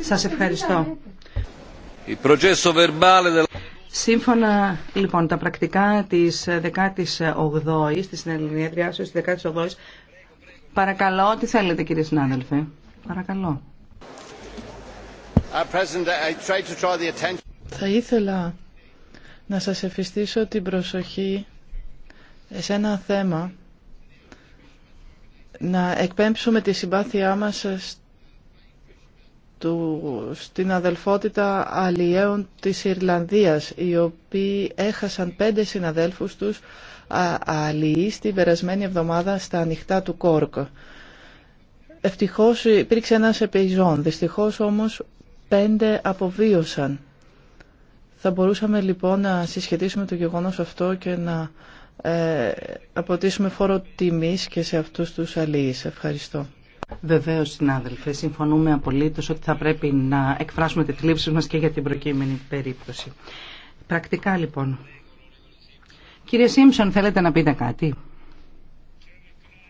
Σας ευχαριστώ. Σύμφωνα λοιπόν τα πρακτικά της 18ης, της συνεδριάσεως της 18ης, παρακαλώ, τι θέλετε κύριε συνάδελφε, παρακαλώ. Θα ήθελα να σας εφιστήσω την προσοχή σε ένα θέμα να εκπέμψουμε τη συμπάθειά μας του, στην αδελφότητα αλλιέων της Ιρλανδίας, οι οποίοι έχασαν πέντε συναδέλφους τους αλλιείς την περασμένη εβδομάδα στα ανοιχτά του Κόρκ. Ευτυχώς υπήρξε ένας επιζών, δυστυχώς όμως πέντε αποβίωσαν. Θα μπορούσαμε λοιπόν να συσχετίσουμε το γεγονός αυτό και να ε, αποτίσουμε φόρο τιμής και σε αυτούς τους αλλιείς. Ευχαριστώ. Βεβαίω, συνάδελφε, συμφωνούμε απολύτω ότι θα πρέπει να εκφράσουμε τη θλίψη μα και για την προκείμενη περίπτωση. Πρακτικά, λοιπόν. Κύριε Σίμψον, θέλετε να πείτε κάτι.